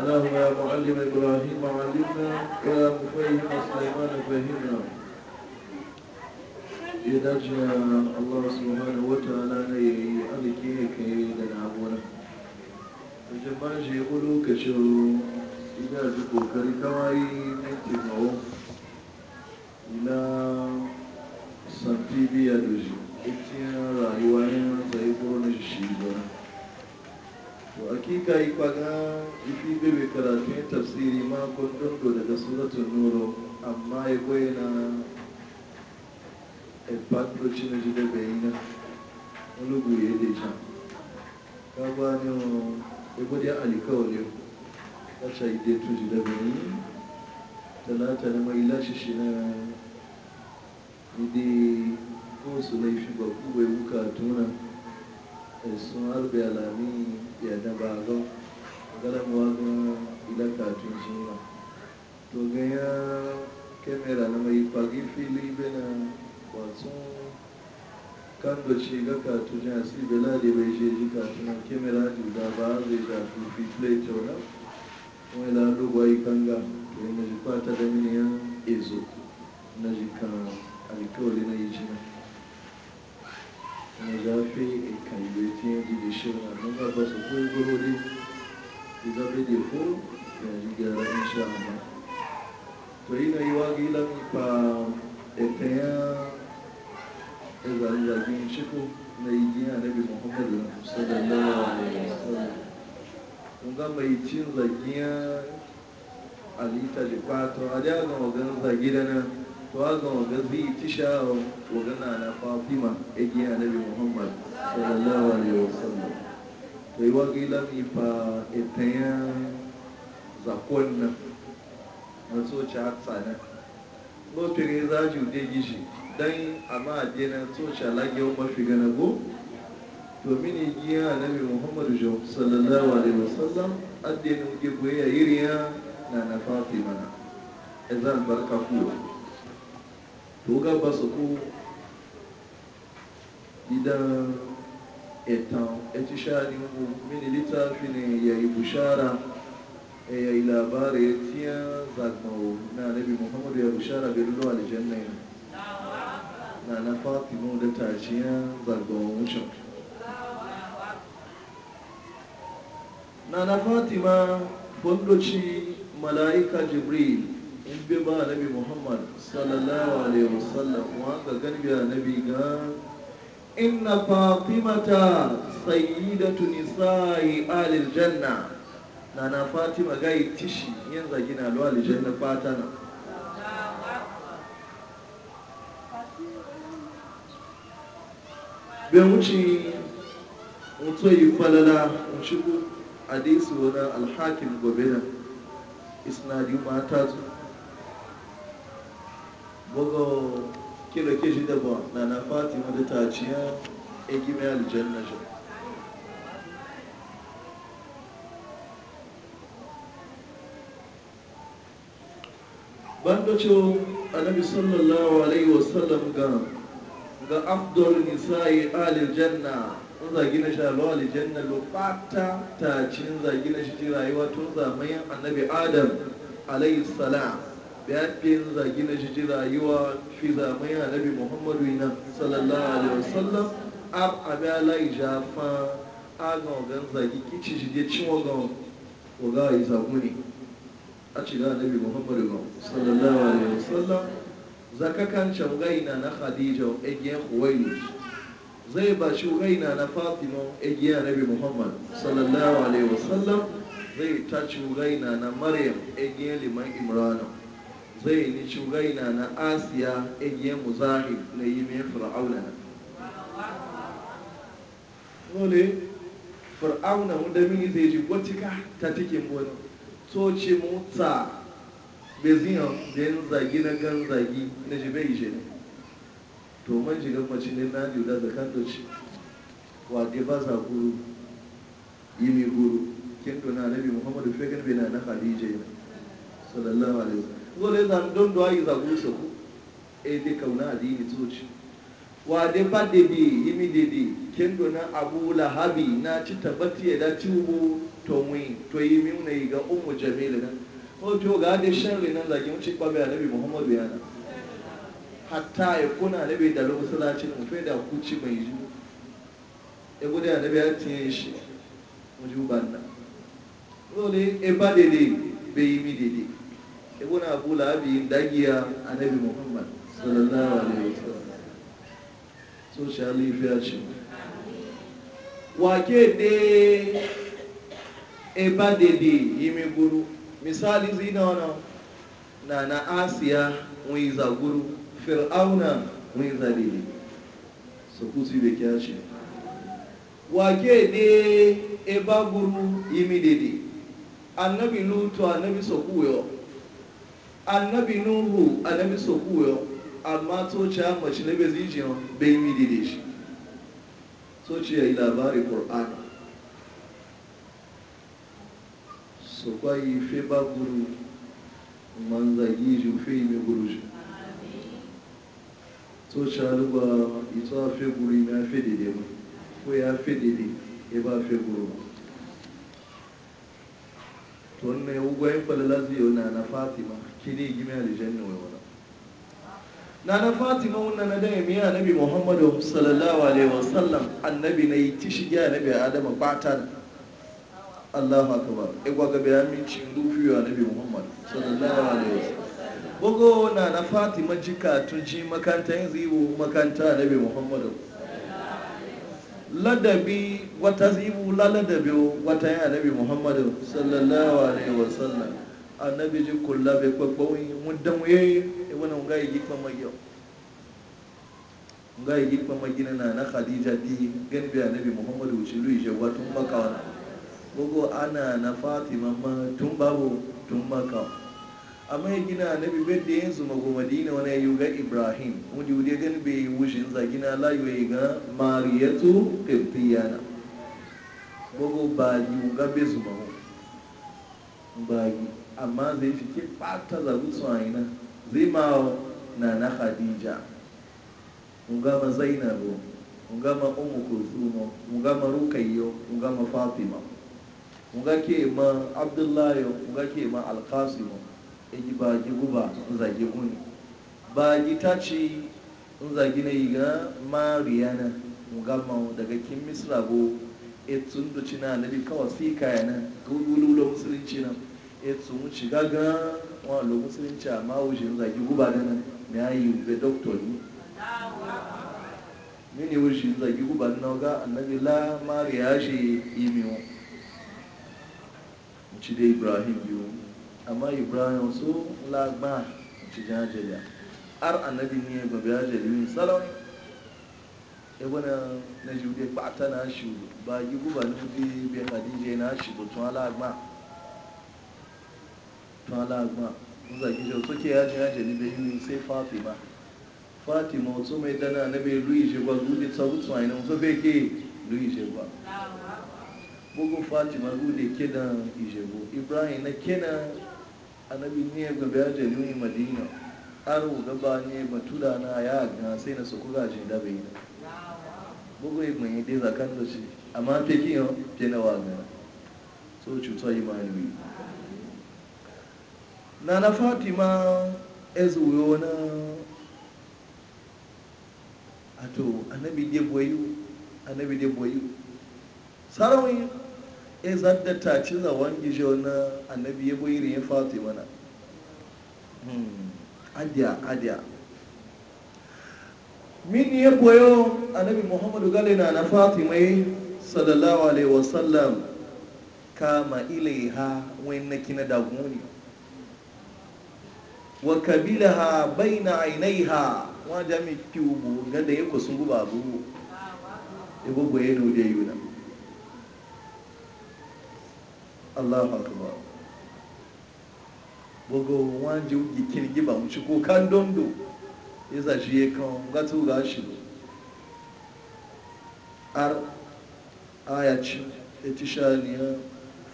اللهم يا معلم إبراهيم علمنا ويا مفهم سليمان فهمنا idan jiya Allah subhanahu wa ta'ala ne ya yi alike ka yi da na'amura jama'a shi yi kokari kawai mintin mawa suratun nuru amma ya bayyana a patro cina ji da bayina olugu ya da ja ka ba ne o ebodi alikawali ta sha ide tun ji da bayina talata na mai lashe shi na ide su laifi ba kuwa wuka tuna sun harbe alami ya da ga galamuwa ga ilaka tun shi ba to ganya kemera na mai fagi fili e bena wasu kan doci ga katu jan si bela da bai je ji katu na kemera juda ba zai da fi play tona wani lalo gwai kanga to yi na ji fata da ya ezo na ji kan alkawali na yi jina na zafi ikaibetin yi da shirin a nan ba su koyi gurori bai da ko yanzu gyara insha Allah ko yi na yi wa gila mi pa etenya ezalzagin shiko na yi gina nabi muhammadu sallallahu alaihi wasallam kun ga mai cin zagiya alita da kwato a da ga wagan zagi da nan to a ga wagan zai ci sha'awar wagana na fatima e ya gina nabi muhammadu sallallahu alaihi wasallam to yi wa gila mi pa zakon na soci hatsana lopire za ju de gishi dan amma de na soci alagiyar wa mafi gana go domin igiya annabi muhammadu jo sallallahu alaihi wasallam addini uge yi riya na na mana na zan barka kuwa to gaba ba su ku idan etan etishani mu mini littafi ne ya yi bushara e eh, ya yi labari ya tiya na nabi muhammadu ya bushara birnin aljanna na na fatimu da tajiya zagmawo wucin na na fatima bundoci mala'ika jibril in bi ba nabi muhammad sallallahu alaihi wasallam wa ga ganbiya nabi ga inna fatimata sayyidatu nisa'i alil janna na na fatima gai tishi yin zagi na luwa lijen na fata na bai wuce mutu yi falala shigo a daisu wani alhakin gobe isnadi isnadi ta zo bugu kira ke shi da na na fatima da ta egime aljanna bandacho annabi sallallahu alaihi wasallam ga ga afdol nisa'i alil janna in zagi na shi alwa alil janna lo fata ta cin zagi na shi rayuwa tun zamayin annabi adam alaihi salam da zagi na shi rayuwa fi zamayin annabi muhammadu ina sallallahu alaihi wasallam ab abala ijafa agon ogan zagi kici shi ge cin wagon waga izaguni a shiga annabi muhammadu ba sallallahu alaihi wasallam zaka kan can gaina na khadija egiyan huwailus zai ba shi gaina na fatima egiyan annabi muhammad sallallahu alaihi wasallam zai ta ci gaina na maryam egiyan liman imrana zai ni ci gaina na asiya egiyan muzahib na yi mai fir'auna dole fir'auna da mini zai ji gotika ta cikin wani soci mota beziyan da yin zagi na gan zagi na jibe ije ne to man jigan mace ne na jiuda zakan doci wa de ba za guru yi mi guru kin na nabi muhammadu fegan bai na na khadija ne sallallahu alaihi wasallam zole zan don do ayi za guru so e eh, de kauna adini soci wa de ba de bi yi mi de de kin dona abu lahabi na ci tabbati da ci ubu tonwi to min na ga ummu jamil nan ko to ga da sharri nan zagin ci kwabe yana hatta ya kuna annabi da musallaci mu fe da kuci mai ji e gode ya tiye shi mujuban nan dole e ba dele be yi mi dele e Eba dede yi e guru misali zina ona na na asiya nwiza guru fir'auna wani za dede so kusi da kya wake de eba guru yi e dede annabi lutu annabi sokuyo annabi nuhu annabi sokuyo amma toce mace na bezijiyar bai yi e yimi dede shi toce ya yi labarin so kwayi fe ba guru man zagi ju fe ime guru ju so shaluba ito a fe guru ime a fe dede ma ko ya fe dede e ba fe guru ma to ne ugwayin falalazi e yau na na fatima kini a lijen wai wani na na fatima wannan na dan e miya nabi muhammadu sallallahu alaihi wasallam annabi na yi tishi ya nabi adama fatan allahu akbar igwa ga bayan rufi wa Nabi muhammad sallallahu alaihi wasallam bugo na na fatima jika tun ji makanta yin zibu makanta nabi muhammad ladabi wata zibu laladabi wata yin Nabi muhammad sallallahu alaihi wasallam annabi ji kula bai kwakwawin muddan wuye wani nga yi gikpa magiyau nga yi gikpa magina na na khadija di gani a nabi muhammad wuce lu ije watun maka wani gogo ana na fatima ma tun babu tun maka amma ya gina na bibiyar da yin su mago madina wani yi ga ibrahim wadda yau gani bai wushin za gina layu ya ga mariyatu kirtiyana gogo ba yi ga bai su mago ba yi amma zai fi ke fata zagu su aina zai ma na na khadija ungama zainabu ungama umu kulthuma ungama rukayyo ungama fatima Kunga ke ma abdullahi kunga ke ma alkasimu igi ba ji guba zagi kuni. ba ce taci zagi na ma riyana, nga ma daga kin misra bo etun do cina na bi kawai si kaya na gululu musulunci na etun wuce gaga wa lo musulunci a ma wuce zagi guba na nan na yi be doktor ni mini wuce zagi guba na ga annabi la mariya shi imiyo cide ibrahim biyu amma ibrahim so lagba ci jajaja har annabi ne ba biya jali salon ya wani na jude kpata na shi ba yi guba nufi bai hadije na shi ba tun alagba tun alagba zaki jau suke yaji jali bai yi sai fatima fatima wasu mai dana na bai ruyi shi ba zuɗi ta wutu a na so bai ke ruyi shi ba bugun fatima gude kina ijebu ibrahim na kina annabi ne ga biyaje ne madina aro gaba ne batuda na ya sai na suku gashi da bai bugun ibn yi dai zakan da shi amma fe kiyo fe na waga so na na fatima ezuwo na ato annabi dai boyu annabi dai boyu sarawin e eh, zadda ta ci zawon gijo na annabi ya boyi ya fatima mana. Hmm, adiya adiya min ya koyo annabi muhammadu galina na mai sallallahu alaihi wasallam kama ilaiha wani na kina dagoni wa kabilaha baina ainiha wajen mai kiwo ga da ya kusurba abu ya gbogbo ya yi yuna allahu akbar bugu wani ji kirgi ba muci ko kan dondo ya zashi ya kan gatu ga shi ar ayaci ya ci shaniya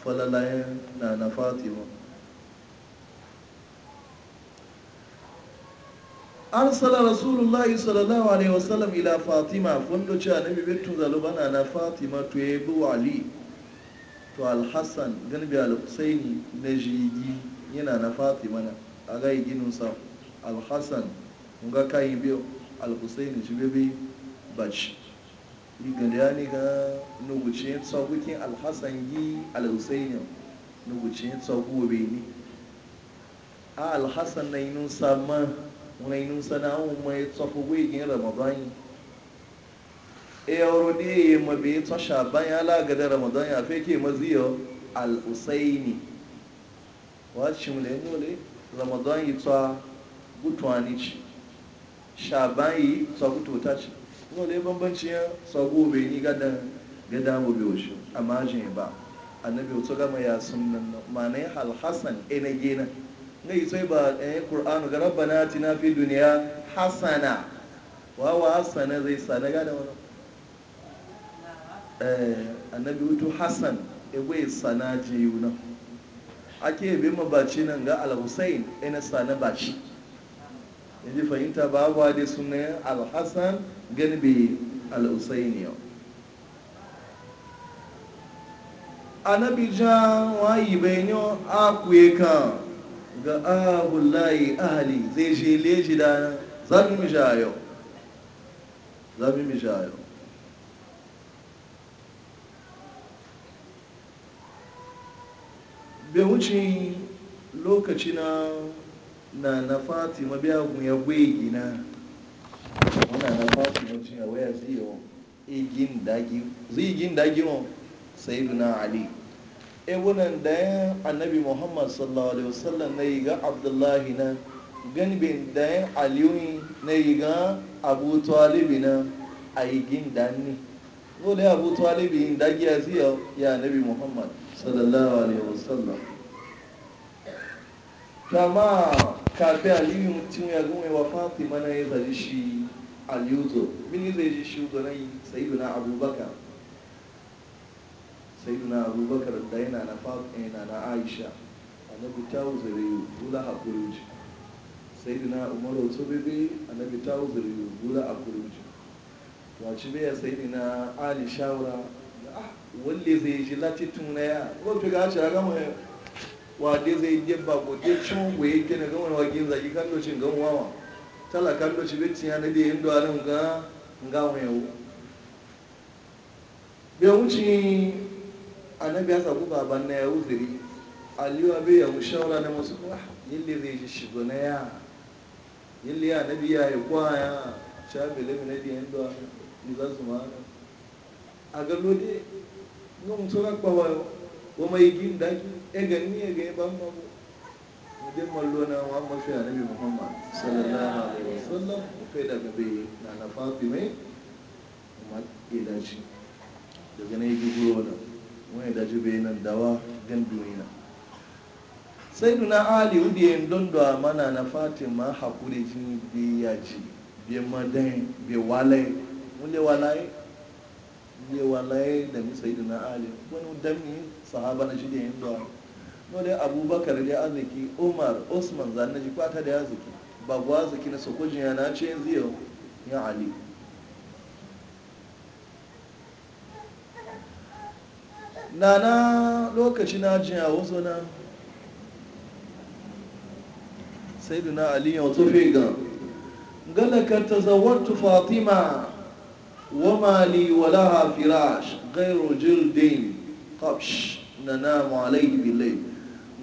falalayen na na fatima arsala rasulullahi sallallahu alaihi wasallam ila fatima fundo ci annabi bitu zalubana na fatima to ya bu ali to alhassan galbi alhussaini na jirgi yana na fatima na a gai sa alhassan ga kayi biyu alhussaini shi bebe baci igada ya ne ga nuguce tsagukin alhassan gi alhussaini nuguce tsagu bai ne a alhassan na yi nusa ma wani nusa na ahun mai tsafi gwegin ramadani e yawon rudi mabe tun shaban ya lagada ramadan ya ke maziyo al'usaini wacce mu da yin dole ramadan yi ta gutuwani ci shaban yi ta gututa ci dole bambanci ya sago bai ni gadan gada mu biyo shi a majin ba annabi wato gama ya sun nan ma na yi halhassan ina gina na yi sai ba ɗaya eh, ƙur'anu ga na tina fi duniya Wa wawa Hassana zai sa na gada wani Eh, annabi wuto hassan egwe sana ake yabe mabaci nan ga al-hussein ina sana baci ji fahimta ba a dai sunayen al-hassan ganibe al-hussein yau annabi ja wayi bayan kuye ka ga abullahi ahali zai je leji da zami mishayo zami mishayo bai wuce lokaci na na na fatima biya gun ya gwe gina wana na fatima cin ya waya zai yawon igin dagi zai gin dagi wọn sai na ali ebunan da ya annabi muhammad sallallahu alaihi wasallam na yi ga abdullahi na ganibin da ya aliyu na yi ga abu talibi na a igin danni dole abu talibi dagi ya zai ya annabi muhammad sallallahu alaihi wasallam na ma kafin aliyu mutum ya gome wa fatima na ya zaji shi aliyuzo mini zai ji shi zonai sayiduna abubakar sayiduna abubakar da yana na fatima eh, na aisha annabi ta wuzare wula a kuruji sayiduna umaru su bebe annabi ta wuzare wula a kuruji wace bai sayiduna ali shawara wanda zai ji lati tuna ya wato ga shi gama wa dai zai yi ba ko dai cin yake ke na gama wagin zaki kan lokacin gan wawa tala kan lokacin bitin ya na dai yin duwaran ga ga yau bai wuce annabi ya sabu baban na yau uzuri aliyu bai ya mushawara na masu kuma ah, yin zai ji shigo na ya yin liya annabi ya yi kwaya shabi lafi na dai yin duwaran ni za su ma a gano dai nun tura kpawayo kuma yi gin daki e eh, gani e eh, gani ban mabo wajen mallo na ah, wa mafi annabi muhammad sallallahu alaihi wasallam kai daga bai na na fafi mai kuma ya dace daga na yi guguro na wani dace be nan dawa gan duniya sai duna ali wudi yin don da ah, mana na fatima hakuri jini biya ji biya madayin walai walaye mule walai. je wallaye da mi da na ali wani dami sahaba na shi da yin duwa no dai abubakar da arziki umar osman zanna ji kwata da ya arziki babu arziki na sokojin yana ce yanzu yau ya ali na na lokaci na jiya wasu na da na ali yau tufi ga galakar ta zawar tufatima. وما لي ولها فراش غير جلد قبش ننام عليه بالليل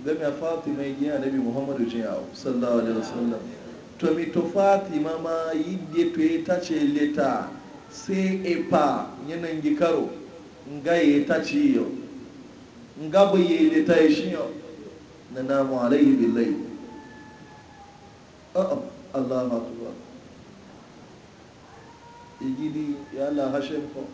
game ya fatima yi annabi muhammadu jiyawo sallallahu alaihi wasallam to mi to fatima ma yi gefe ta ce leta sai epa yanan gi karo nga yi ta ci yau nga bu yi shi yau na namu alaihi billahi igidi ya hashen ko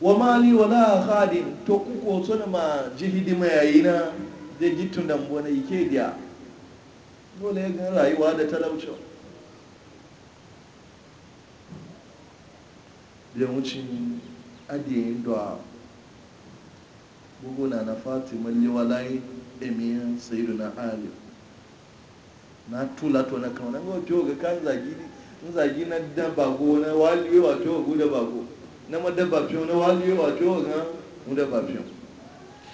wa mali wala khadin to kuko sun ma jihidi yayina da gitun dan bona yake dia dole ga rayuwa da talauci da wucin adiyin da buguna na fatima liwalai emiyan sayyiduna ali na tula to na kawo na ga kan zagiri nzagi na dabba ko na waliwe wato wa guda bako na ma dabba fiyo na waliwe wato wa gan mu dabba fiyo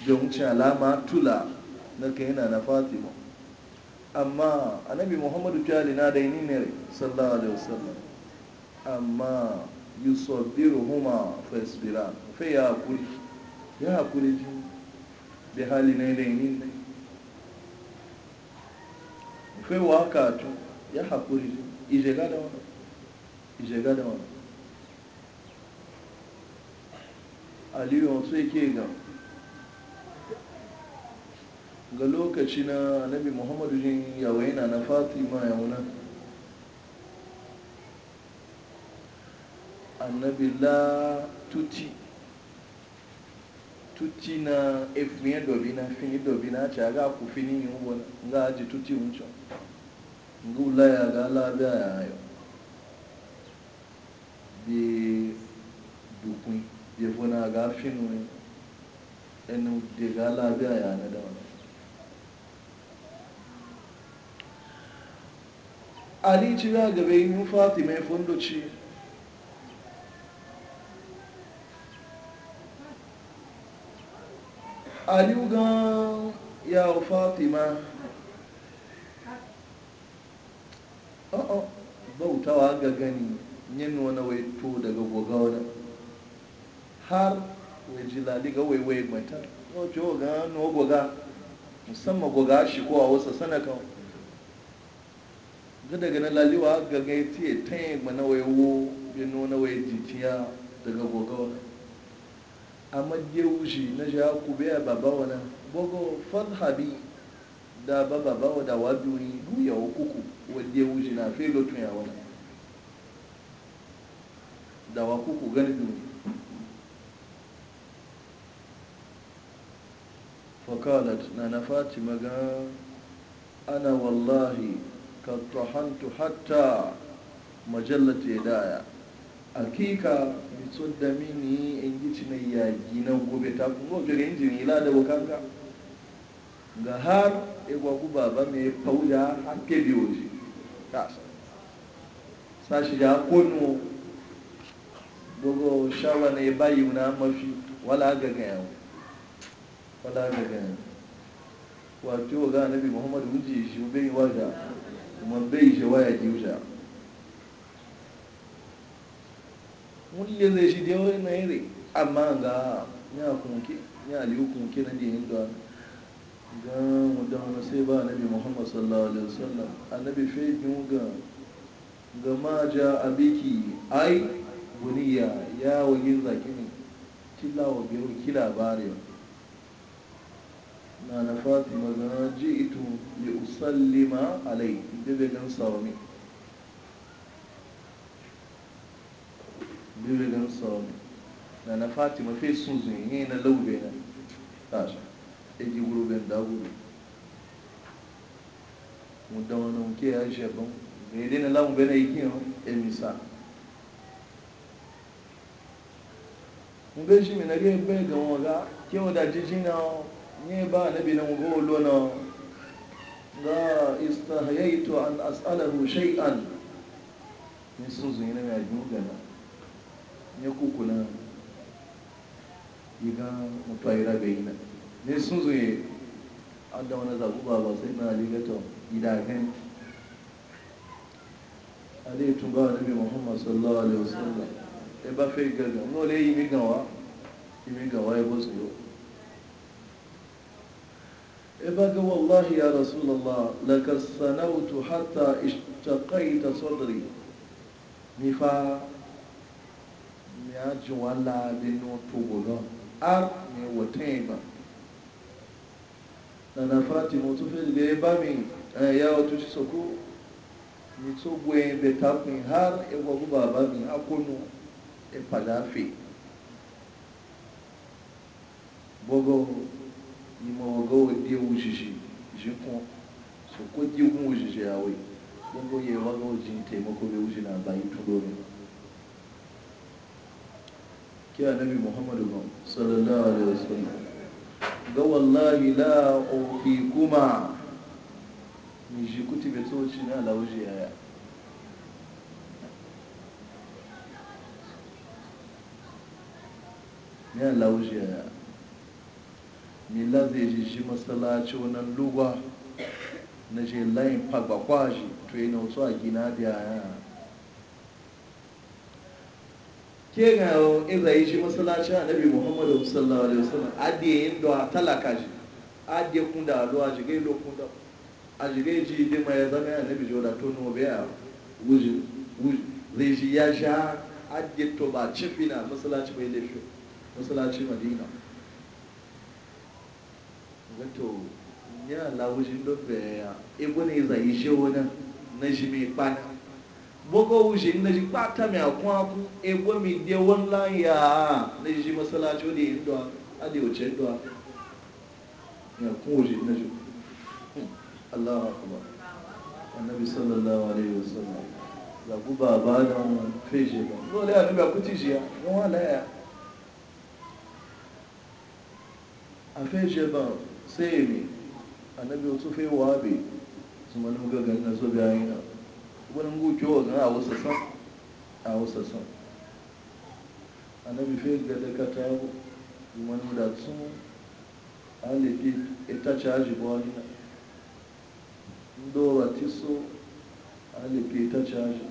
don wuce alama tula na kai yana na fatima amma annabi muhammadu kyali na daini ne sallallahu alaihi wasallam amma yusabbiru huma fasbira fa ya hakuri ya kuri ji bi hali na daini ne fa wa ka to ya hakuri ji a uno. Y llegar a uno. aliyu wasu yake gan ga lokaci na nabi muhammadu jin yawaina na fatima ya wuna annabi la tuti tuti na efunye dobi na fini dobi na ci aga ku fini yi wani za aji tuti wucin ngula ya ga labiya yayo bi dukun bi funa ga finu ne ɗan da ga labiya ya na da wani ali ci ya gaba yi mun fati mai fundoci ali ga ya fatima a'a bautawa ga gani yin wani waito daga goga wani har wai jilali ga waiwai mata wace goga no goga musamman goga shi ko a wasu sanakan ga daga na laliwa ga gaiti ta yi mana waiwo yin wani wai jitiya daga goga wani amma wushi na shi haku biya babawa na gogo fadhabi da baba bawa da wabiyoyi duyau na fi lotun ya wani da wa kuku ganin duni fakalat na na fatima ga ana wallahi ka tahantu hatta majallata ya daya akika mito da mini in ci mai yagi na gobe ta kuma gare injin la da wakanka ga har igwagu baba mai fauda hakke biyoji kasa sashi ga kunu gogo shawa ne bayi na mafi wala gaga yawo wala gaga yawo wato ga nabi muhammadu wuce shi bai waja kuma bai shi waya ji wuce mulle zai shi dai wani na yare amma ga ya kunke ya liyu kunke na da yin duwanu ga mudawana sai ba nabi muhammad sallallahu alaihi wasallam annabi fegin ga ga ja abiki ai buniya ya wagin zaki ne kila wa biyar kila bare na na fatima ga ito li usallima alai bibe gan sawami bibe gan sawami na na fatima fe sun zuyi ne na laube na tashi egi gurbin daguru mu da wani ke ya shebin da ya dina lamu bane yi kiyan emisa mu ga shi mai nari bai ga waga kewa da jiji na ne ba nabi na mu ga wolo na ga an as'alahu shay'an ni sun zuyi na mai ajiyar gana ne kukuna yi ga mutuwa yi rabe yi na ne sun zuye an da wani zaɓu ba ba sai na aligaton gidagen ale tun gawa nabi muhammad sallallahu alaihi wasallam e ba fe gaga mo le yi mi gawa yi mi gawa ya bosu yo e ba ga wallahi ya rasulullah laka sanautu hatta ishtaqaita sadri Ni fa mi a jiwala bi no to gogo ar mi wotin ba nana fatima tó fẹ́ lè bá mi ẹ̀yà ọdún sí sọkú ní tó gbé ẹgbẹ̀ tapin har ẹgbọ́ gbogbo bàbá mi akónú ẹ̀pàdáfẹ́ gbogbo ìmọ̀ ọgọ́ òdí òṣìṣẹ́ ìṣẹ́kùn sọkó dígún òṣìṣẹ́ àwẹ̀ gbogbo yẹ wọ́n ó jí tẹ̀mọ́kọ́ bí òṣìṣẹ́ náà báyìí tó lórí kí a nabi muhammadu sallallahu alaihi wasallam ga wallahi la ofi kuma mai shi kuti bai tsoci na lauje yaya ya lauje yaya mila zai ji shi matsalaci wannan lugwa na je layin fagbakwa shi to yi na wasu a gina da yaya ke ga izayi shi masallaci annabi muhammadu sallallahu alaihi wasallam adiye yin da talaka shi adiye kun da addu'a shi gai lokun da a jigai ji da mai zama ya nabi joda to no be a wuji zai shi ya sha adiye to ba na masallaci mai lafi masallaci madina wato ya lawujin da be ya ibn izayi shi wannan mai bana bogo wuce na ji kwata mai akwa ku ebo mi de wala ya na ji masalaci wani yin duwa a da yawace duwa ya kun wuce na ji hmm, Allah akuba annabi sallallahu alaihi wasallam da ku ba ba da feje ba dole annabi A ci shi ya wala halaya. a feje ba sai ne annabi wasu fe wabe su manuga ganin na so bayan wani guke wa a wasu son a wasu son na fi ga daga ka Wani kuma ni da sun alibi ita caji bawani na ndora tiso alibi ita caji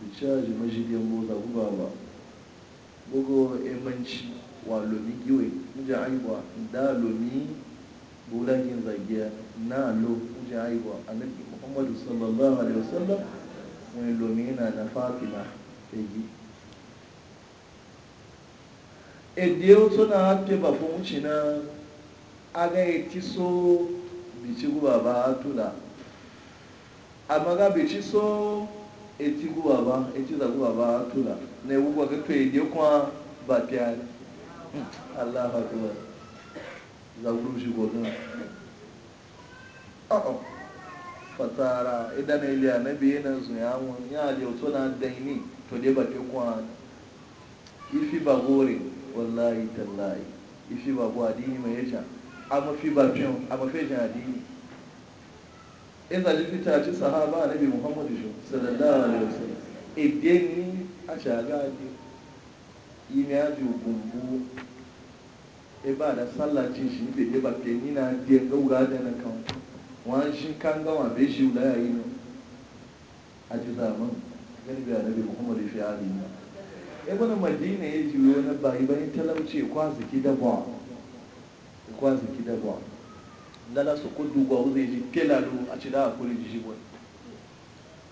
da caji majidiyar mota guba ba bugo emanci wa lomi giwe mujan aibuwa da lomi bulagin zagiya na lo mujan aibuwa nan muhammadu sallallahu alaihi wasallam wani lomina na fatima fegi ediyo suna hafi bafin wuce na agaghị tiso bichiguba ba tula amma ga bichiso etiguba ba etizaguba ba tula na ewugwa ga to ediyo kuma ba piyari hmm, allah akubar zaguru shi gobin a'a fasara idan iliya na biyu na zuyamun ya liyauto na daini to dai ba te kwana ifi ba gore wallahi tallahi ifi ba bu adini mai yasha a mafi ba fiyan a mafi yasha adini ina ji fita ci sahaba na bi muhammadu shi sallallahu alaihi wasallam ideni a shaga ne yi ne aji gumbu e ba da sallah ci shi ibe ne ba ke nina diyan gauga da na kawai wani shi kan gama bai shi wula yi nan a ci zaman gani ga nabi ya fi ali ibn madina ya ji wani bayi bayan talauci kwaziki dabwa kwaziki dabwa lala su kudu gwa zai ji kelalu a ci da kuri ji shi wani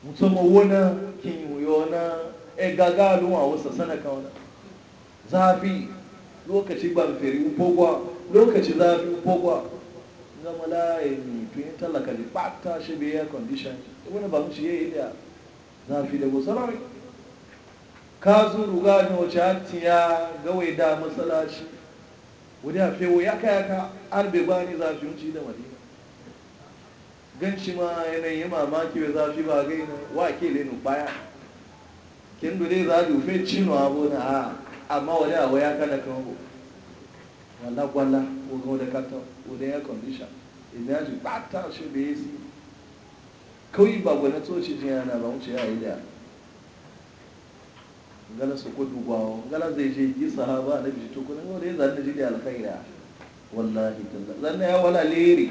musamman wani kin na? e gagalu a wasa sanaka wani zafi lokaci ban feri upogwa lokaci zafi upogwa gama layi tun yi tallaka ba ta shi bai yi condition wani ba mushi ya yi da zafi da musamman ka zo zuru gani wace hatti ya gawai da matsalaci wani a fewo ya kaya ka bai ba ni zafi mushi da madina gan shi ma yanayi mamaki bai zafi ba gai na wa ke lenu baya kin dole za a dufe cino abu na a amma wani a ya kana kan hukun wala gwala wogan da kata wogan ya kondisha idan ji ba ta shi da ya si kawai ba gwada tsoci jin yana ba wuce ya yi da gala su ko dubawa gala zai je yi sahaba na bishi tukunan wanda ya zanna ji da alkhaira wallahi talla zanna ya wala lere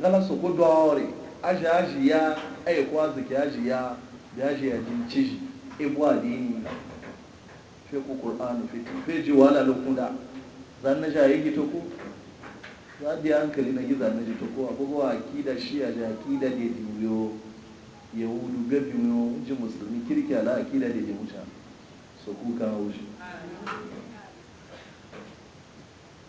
gala su dore aji aji ya ai kwa zaki aji ya bi aji ya jin ciji ibu adini fi ku qur'anu fi ji wala lokuda zan na shayi gito ko za da hankali na giza na jito ko abubuwa wa akida shi a ji akida da ya biyo yahudu ga biyo ji musulmi kirki ala akida da ya wuce so kuka wuce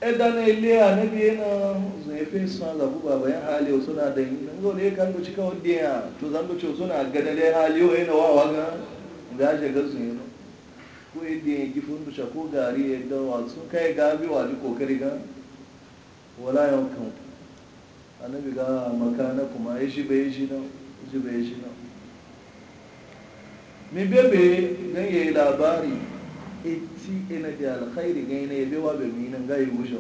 idan na ile a na biye na zai fi suna zabu ba bayan haliyo suna da yi nan zaune ne kan ku cika wadda ya to zan ku ce suna gadalai haliyo yana wawa ga ga shiga su yi ko yadda ya fundu dusha ko gari ya dan wasu kai gabi waji kokari ga wala kan annabi ga makana kuma ya shi bai shi nan shi bai shi nan mi bebe dan yayi labari eti ina da alkhairi ga ina yabe wa bebe nan ga yi wusha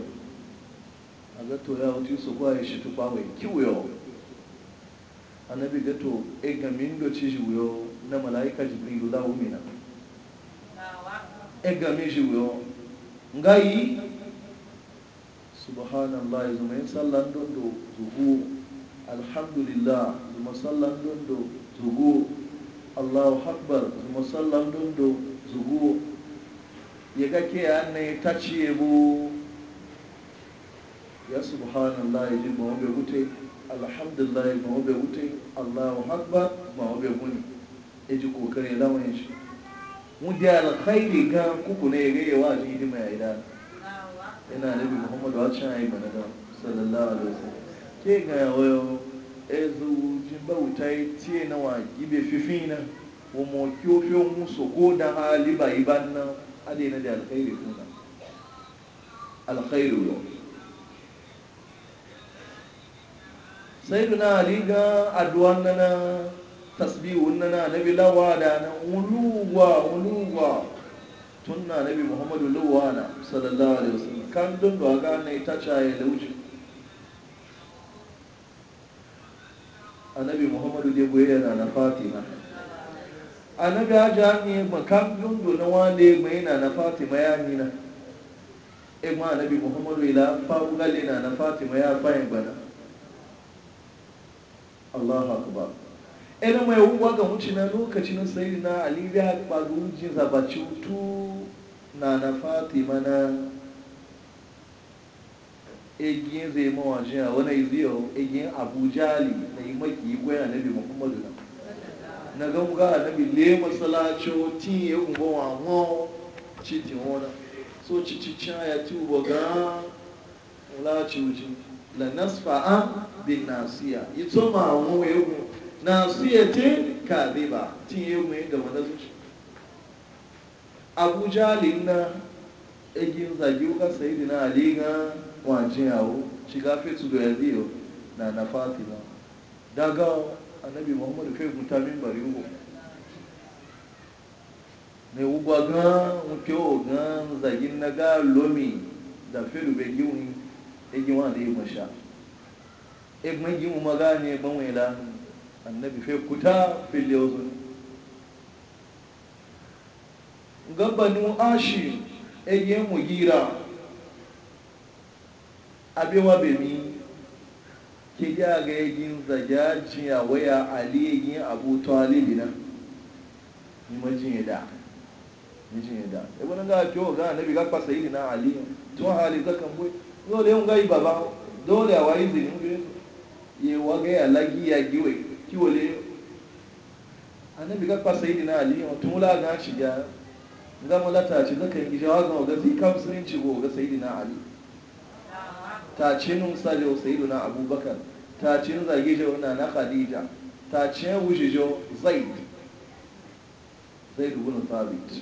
a ga to ya wuce su kwa ya shi tukwa mai kiwo annabi ga to e ga min do ci shi wuyo na malaika jibrilu la umina egami jiwo ngai subhanallah zuma yin sallan dondo zuhu alhamdulillah zuma sallan dondo zuhu allahu akbar zuma sallan dondo zuhu ya gake ya ne ta ciye bu ya subhanallah ya ji be wuce alhamdulillah be wuce allahu akbar ma'obe wuni ya ji kokare lawan shi wudi alkhairi ga kuku ne ga yawa ji hidima ya ida ina nabi muhammadu a can ayi mana da sallallahu alaihi wasallam ke ga wayo ezu jimbauta yi tiye na wa gibe na. wa mo kyofin musu ko da hali ba yi iban nan adina da alkhairi kuna alkhairu yau sai duna riga addu'an nana tasbihun na nabi lawada na wuluwa wuluwa tun na nabi muhammadu lawana sallallahu alaihi wasallam kan don da ga ne ta caye da wuce annabi muhammadu dai goye yana na fatima annabi haja ne makam don do na wale e mai na na fatima ya nina ima annabi muhammadu ila fa'ugale na na fatima ya bayan bana Allahu akbar ina mai wuwa ga wuce na lokaci na sai na alibiya faru ji zabaci hutu na na fatima na egin zai mawa jiya wani iziyo egin abuja ne na yi maki goya na bi muhammadu na na ganga na bi le masalacin tin ya gumba wa mawa cikin wani so cicicin ya uba ga wula ciwuci la nasfa'a bin nasiya yi tsoma wa mawa ya gumba na siyatin kadiba tinye mai da wani zuci abu jalin na egin zagi uka di na aliga wajen yawo shiga fetu da yaziyo na na fatima daga annabi muhammadu fai guta min bari ugo ne ugwa gan nke o gan na ga lomi da felu bai giwun egin wa da yi masha egin magani ban wani annabi fai kuta fil yawzun ashi ashim mu gira abewa bemi ke ya ga yin zajajin ya waya ali abu talib na ni majin da yada da ibn ga kyo ga annabi ga kwasa yi na ali to hali ga kan boy dole un ga baba dole a wayi zin yi wa ga wa gaya ya giwe A nan annabi ga fa dina ali wa tumula ga shi ga ga lata shi zaka yi jawa ga ga zai kam sun ci go ga dina ali ta ce nun sale sai dina abubakar ta ce nun zage jawa na na khadija ta ce wuje jo zaid zaid ibn thabit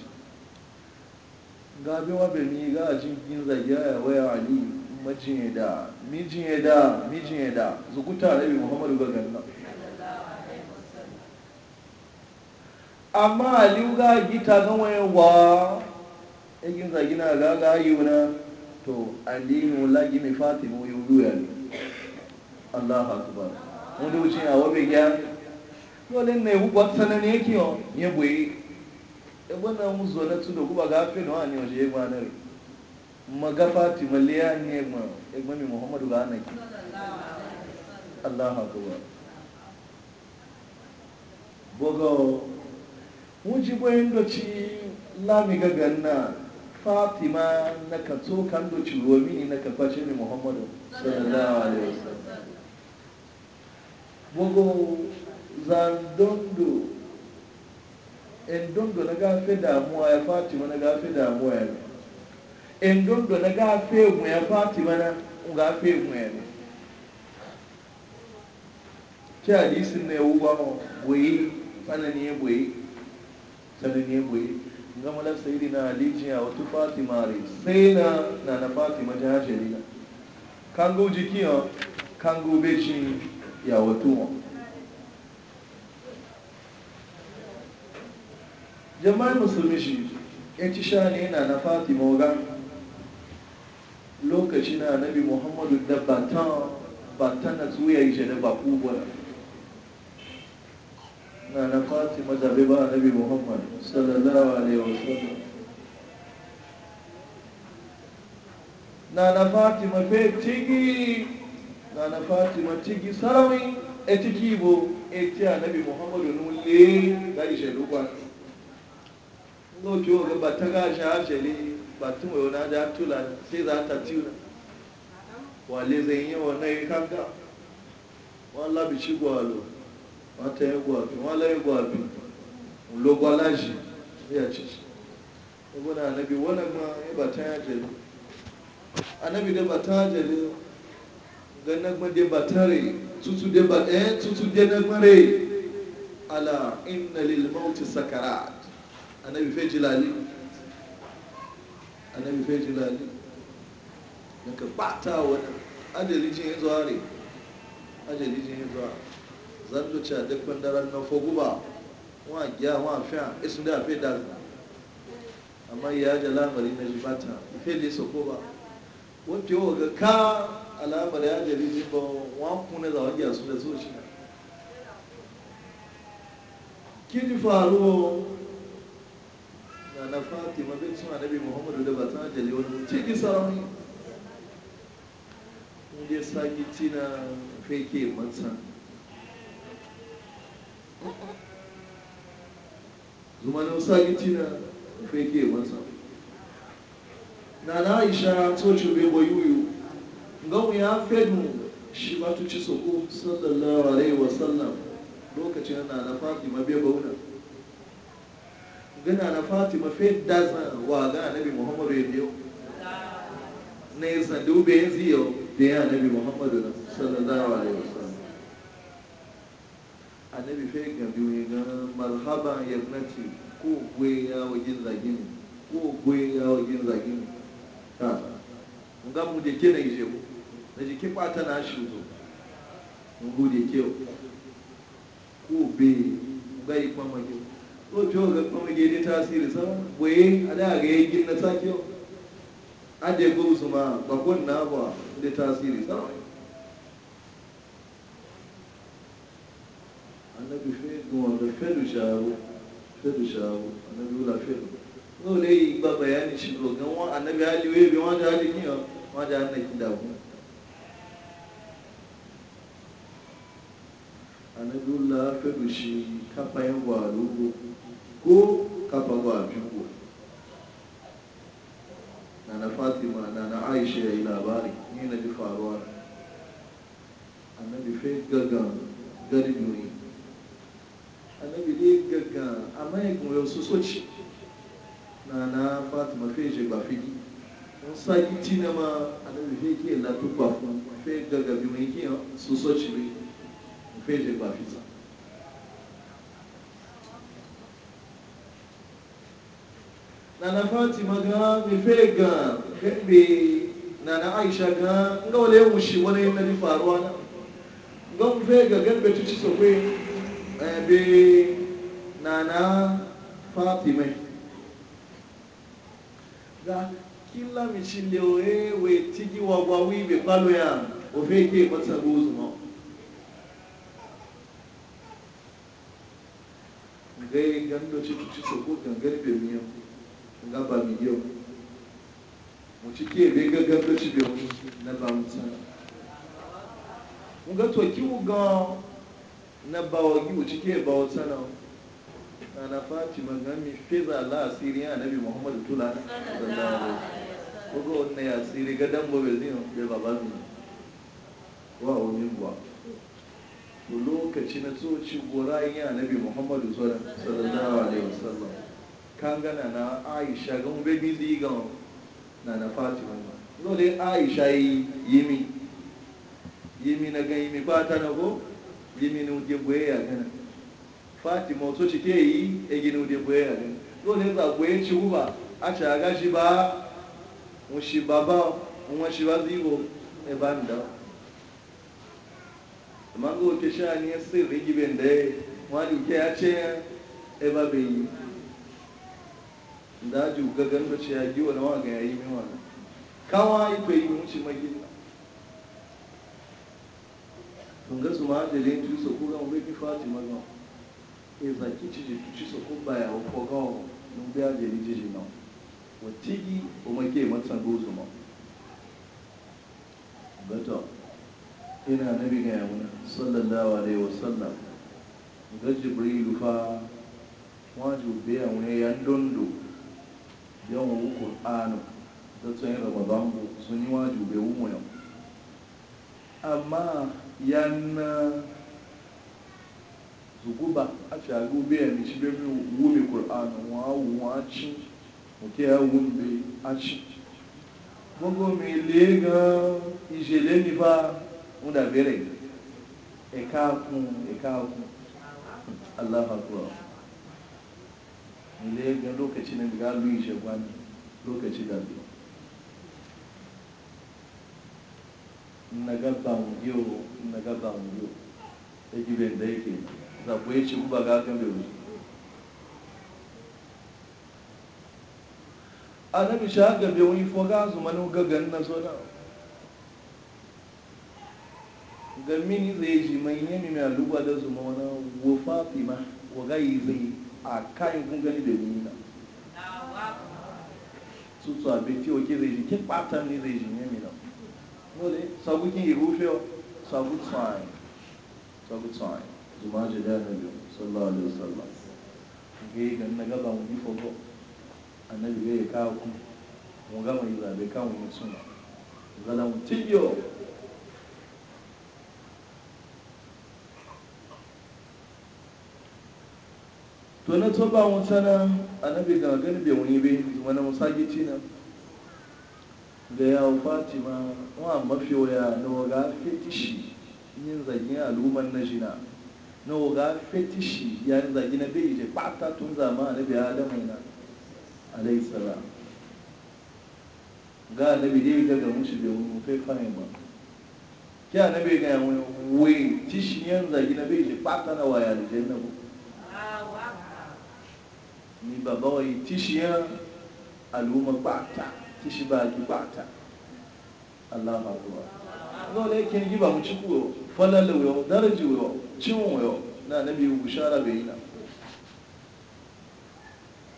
ga biyu wa be ni ga jin yin zage ya waya ali majin da mijin da mijin da zukuta nabi muhammadu ga ganna amma aliyu ga gita ga wayan wa egin na ga ga yuna to alinu lagi mai fatimu yulu ya ne allah akbar wani wucin a wabe gya dole ne hukwa sanani yake yau ya boye ebe e na wuzo na tudo kuba ga fi da wani waje egba na re maga fatima liya ne egba egba mai muhammadu ga anaki allah akbar bogo wuji bayan doci lamiga ganna fatima na ka tsokan doci romini na ka fashe ne muhammadu sallallahu alaihi wasallam bugu zandondo in na gafe damuwa ya fatima na gafe damuwa ya ne in dondo na gafe mu ya fatima na gafe mu ya ne ki hadisin na yawu ba mu boye tsanani ya sanin ya goyi gamalar sayidi na alijiya wata fatima re sai na na na fatima jihajari na kango jikiya kango beshi ya wato jama'ai musulmi shi ya ci sha ne na na fatima ga lokaci na nabi muhammadu da batan batan na tsoyayi shi da baku gwada na na fatima da bai ba nabi muhammad sallallahu alaihi wasallam na na fatima fe tigi na na fatima tigi sarami e tigi bo e ti anabi muhammad nu le da ise lugba lójú ọ̀rọ̀ bàtà gáàṣà àṣẹlẹ̀ bàtún ẹ̀wọ̀n ajá tó là ṣe za ta tí ó nà wà lè zẹ̀yìn ọ̀nà ìkáńgá wọ́n lábìṣígbọ̀ wọ́n tẹ́ ẹgbọ́ àbí wọ́n lẹ́gbọ́ àbí ológun aláàjì ní àṣìṣe ọgbọ́n náà wọ́n lẹ́gbọ́ ẹgbà tá a jẹ dẹ́gbà tá a jẹ dẹ́gbà tá tútù dẹ́gbà ẹ́ tútù dẹ́gbọ́n rè ala inna lil mawti fẹ́ jilali anabi fẹ́ jilali daga bata wani adalin jin zuwa re adalin jin zuwa zan duce a duk bandaran na foguba wa gya wa fiya isu da fi da zina amma ya ji lamari na jibata ife lisa ko ba wata yau ga ka alamar ya jari jimba wa kuna zawon gya su da shi na kini faruwa na na fatima bin suna nabi muhammadu da ba ta jali wani ci sarauni inda ya sa tina na ke mansan zuma na wasu agiti na fake wansa na na aisha tsocin bai boyuyu gamu ya fedu shi ba tuci soko sallallahu alaihi sallam? lokacin na na fatima bai bauna gana na fatima fe dasa wa ga nabi muhammadu ya biyo na yi sandu bai ziyo da ya nabi muhammadu sallallahu alaihi sallam annabi fe e ga biyu ga ya yabnati ko gwe ya wajin zagin ko gwe ya wajin zagin ta nga mu de kene ije ko na jiki kwata na shi zo ngu de ke ko be ga yi kwa magi ko jo ga kwa magi ne tasiri sa gwe ada ga yi gin na sakiyo ade go usuma ba kon na ba de tasiri sa annabi fe goma ga fedu shawo fedu shawo annabi wula fedu ne le yi ba bayani shi do gan wa annabi hali we bi wa da hali ni wa wa da annabi da ku annabi wula fedu shi kafa yan gwaru ko kafa ba biyu na na fatima na na aisha ya yi labari ni na ji faruwa annabi fe gaggan gari nuri annabi dai gaggan amma ya kuma yau su soci na na fatima feje ba fiki wọn sáyé tí na ma annabi fẹ́ kí ẹ̀là tó gbà fún fẹ́ gaggan bí wọn kí su soci rí feje ba fita na na fatima maga mi fẹ́ gan gẹ́gbẹ́ na na aisha ga nga wale yawon shi wani yanayi faruwa na ga mu fẹ́ gaggan betuci sakwai bí nana fatima ga kila michile we tigi wagwa wibe palo ya ofeke kwatsa buzuma ngai gando chitu chitu ko gangar be miyo ngaba miyo muchike be gagando chibe na bamtsa mugato kiuga na bawa giwu cike bawa na na fati magami fiza la asiri ya nabi muhammadu tula kuka wannan ya asiri ga dan bobe zai da baba zuwa wa omin buwa lokaci na tsoci gora ya nabi muhammadu sallallahu alaihi wasallam kan gana na aisha ga mu bai bizi ga na na fati magami dole aisha yi yimi yimi na ga yimi ba ta na ko jimini wuce boye ya fatima wasu cike yi e gini wuce boye ya gana dole za boye ci aga shi ba un shi ba ba un shi ba zibo e ba da amma ga wuce sha ne sirri giben da ya wani wuce ya ce e ba bai yi da ju gagan da ya waga ya yi mai wani kawai bai yi wuce magina nga zuma adere ntu isoko ga mbe ki fatima ga eza kichiji tuchi soko baya ufoga o mbe adere jiji na watigi umake matsango zuma gato ina nabi ga yawo sallallahu alaihi wasallam ga jibril fa waju be wani ya ya mu qur'anu da tsayin ramadan sun yi waju be wumo yau amma yan eh, zuguba a ci agube ya mishi bebe wumi ƙur'anu wa wuwa ci muke akyi wumbe a ci gbogbo mai lega ìṣẹ̀lẹ̀ nípa ń dàbẹ̀rẹ̀ ẹ̀ka kún ẹ̀ka kún aláhàkùrọ̀ ilé ẹgbẹ́ lókèṣí nígbà lóyìn ṣẹ̀gbọ́n lókèṣí dàbí naga bangiyo naga bangiyo yake bai da yake zaɓo ya ci guba ga aka mai wuce a na bisha gabe wani foga zuma manu gagan na so na gamin zai ji mai yi mai aluwa da zuma mawana wofa fima waga yi zai a kayan kun gani da yi na su tsabe tiyo ke zai ji ke ɓatan ne zai ji yami wale sagukin irufiyar sagut sa'ayi sagut sa'ayi zuma ji da annabi sallallahu alaihi wasallam ga ga na gaba mu foto annabi ga ya kawo ku mu gama yi zabe kan mu suna zalan tibiyo to na to ba mu sana annabi ga gani bai wuni bai zuma na musagici na da yawon fatima wa waya na waga fetishi yin a al'ummar na jina na waga fetishi ya yi zagi na bai je bata tun zama na biya adamu na alaisala salam ga nabi dai ga mushi da wani mafi fahim ba kya nabi ga wani wai tishi yin zagi na bai je bata na waya da jannabu ni ba bawai tishiyar yan al'ummar bata ba ki gibata Allah ma ruwa no ne kin giba mu ciku yo falala yo daraji ci ciwon yo na nabi shara bai na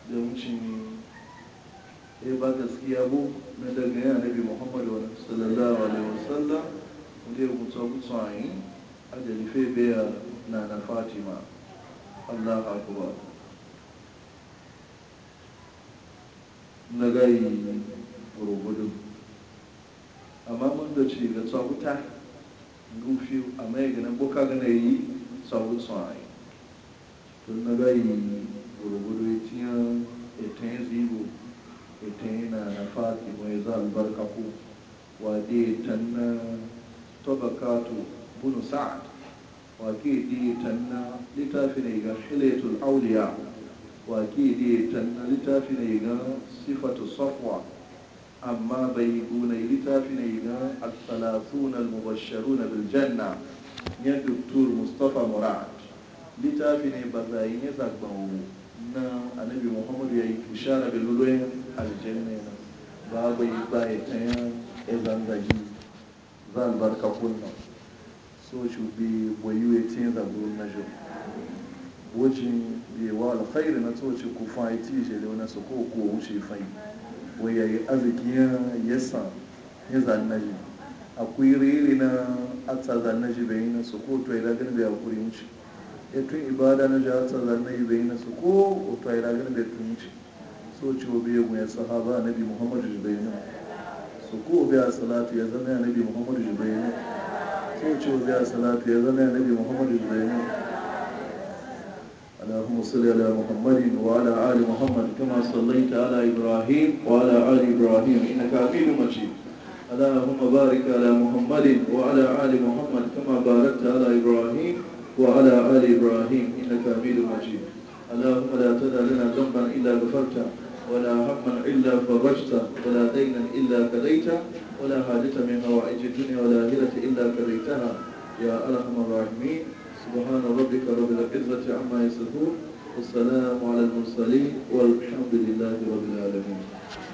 da ni. E, ba gaskiya bu na daga yana nabi muhammadu sallallahu alaihi wasallam da ya gutsa so ai a fe be na na fatima allah akubar na gai gurgudu amma mun da ce ga tsawuta gufi amma mai ganin boka gana yi tsawutsa tsawai yi tun na gayi gurgudu ya tiyan etayin zigo etayin na na fati mai za albarka ko wade tan na tabakatu bunu sa'ad wake di tan na littafi ne ga hilatul auliya wake di tan na littafi ne ga sifatu safwa أما بيقون إلتا في نيغا الثلاثون المبشرون بالجنة يا دكتور مصطفى مراد لتا في نيبازاين يزاقبون نا النبي محمد يأي كشارة بلولوين الجنة بابا يبايا إذن دجي ذال بركة قلنا سو شو بي بويوه تين ذا نجو وجي خير نتوشي كفايتي جي لونا سكو كو wayayi ya yasa ya zannaji akwai riri na atsa zannaji bai na su ko to ila gani bai hakuri muci ya tun ibada na ji atsa zannaji bai na su ko to ila gani bai tun muci so ci obi ya gunya sahaba bi muhammadu jibai na su ko obi a salatu ya zama ya bi muhammadu jibai na so ci obi a salatu ya zama ya bi muhammadu jibai na اللهم صل على محمد وعلى آل محمد كما صليت على إبراهيم وعلى آل إبراهيم إنك حميد مجيد اللهم بارك على محمد وعلى آل محمد كما باركت على إبراهيم وعلى آل إبراهيم إنك حميد مجيد اللهم لا تدع لنا ذنبا إلا غفرته ولا هما إلا فرجته ولا دينا إلا كليته ولا حاجة من هوائج الدنيا ولا هله إلا كليتها يا أرحم الراحمين سبحان ربك رب العزة عما يصفون والسلام على المرسلين والحمد لله رب العالمين